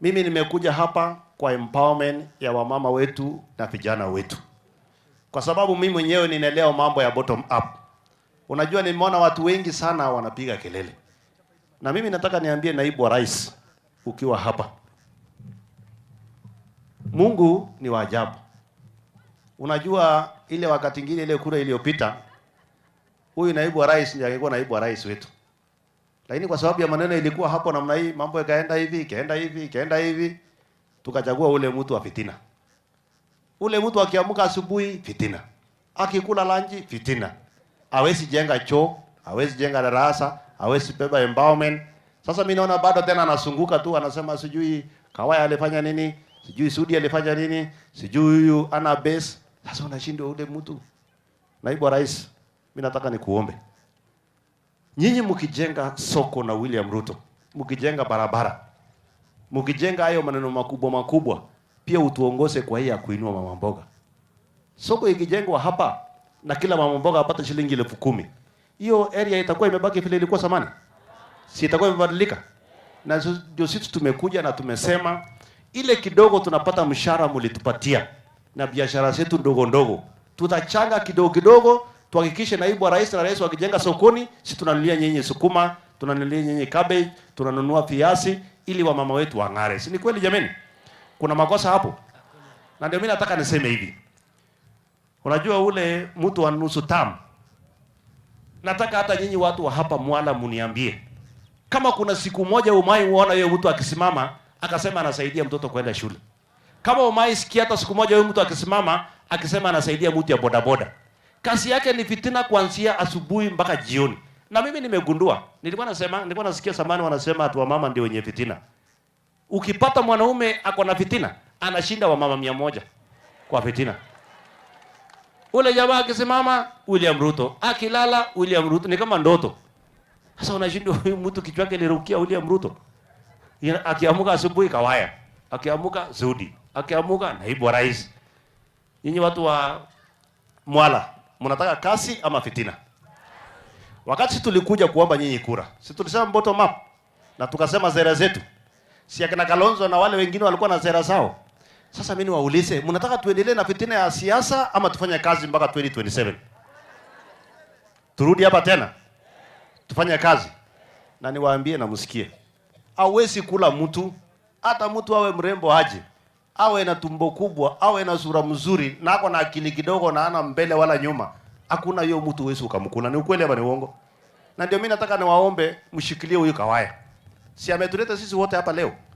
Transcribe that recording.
Mimi nimekuja hapa kwa empowerment ya wamama wetu na vijana wetu, kwa sababu mimi mwenyewe ninaelewa mambo ya bottom up. Unajua, nimeona watu wengi sana wanapiga kelele, na mimi nataka niambie naibu wa rais, ukiwa hapa, Mungu ni wa ajabu. Unajua ile wakati ingine ile kura iliyopita, huyu naibu wa rais ndiye alikuwa naibu wa rais wetu lakini kwa sababu ya maneno ilikuwa hapo namna hii, mambo yakaenda hivi, ikaenda hivi, ikaenda hivi, tukachagua ule mtu wa fitina. Ule mtu akiamka asubuhi fitina, akikula lanji fitina, hawezi jenga choo, hawezi jenga darasa, hawezi beba empowerment. Sasa mimi naona bado tena anasunguka tu, anasema sijui Kawaya alifanya nini, sijui Sudi alifanya nini, sijui huyu ana base. Sasa unashindwa ule mtu. Naibu wa Rais, mimi nataka nikuombe Nyinyi mkijenga soko na William Ruto, mkijenga barabara, mkijenga hayo maneno makubwa makubwa, pia utuongoze kwa hii ya kuinua mama mboga. Soko ikijengwa hapa na kila mama mboga apate shilingi elfu kumi, hiyo area itakuwa imebaki vile ilikuwa zamani, si itakuwa imebadilika? Na ndio sisi tumekuja na tumesema ile kidogo tunapata mshahara mlitupatia na biashara zetu ndogo ndogo tutachanga kidogo kidogo tuhakikishe naibu wa rais na rais wakijenga sokoni, si tunanunulia nyenye sukuma, tunanunulia nyenye cabbage, tunanunua viazi ili wamama wetu wang'are. Si ni kweli jameni? Kuna makosa hapo? Na ndio mimi nataka niseme hivi. Unajua ule mtu wa nusu tamu. Nataka hata nyinyi watu wa hapa Mwala mniambie. Kama kuna siku moja umai uona yeye mtu akisimama akasema anasaidia mtoto kwenda shule. Kama umai sikia hata siku moja yeye mtu akisimama akisema anasaidia mtu ya bodaboda kazi yake ni fitina kuanzia asubuhi mpaka jioni. Na mimi nimegundua, nilikuwa nasema, nilikuwa nasikia samani wanasema atu wa mama ndio wenye fitina. Ukipata mwanaume ako na fitina, anashinda wamama mia moja kwa fitina. Ule jamaa akisimama William Ruto, akilala William Ruto, ni kama ndoto. Sasa unashindwa huyu mtu kichwa chake lirukia William Ruto. Akiamuka asubuhi kawaya, akiamuka Zudi, akiamuka naibu wa rais. Nyinyi watu wa Mwala mnataka kasi ama fitina? Wakati tulikuja kuomba nyinyi kura, si tulisema bottom up na tukasema zera zetu, si akina Kalonzo na wale wengine walikuwa na zera zao. Sasa mimi niwaulize, mnataka tuendelee na fitina ya siasa ama tufanye kazi mpaka 2027? Turudi hapa tena tufanye kazi, na niwaambie na msikie, hauwezi kula mtu, hata mtu awe mrembo aje awe na tumbo kubwa, awe na sura mzuri, na ako na akili kidogo, na ana mbele wala nyuma, hakuna hiyo mtu wewe ukamkuna. Ni ukweli ama ni uongo? Na ndio mimi nataka niwaombe mshikilie huyu Kawaya, si ametuleta sisi wote hapa leo.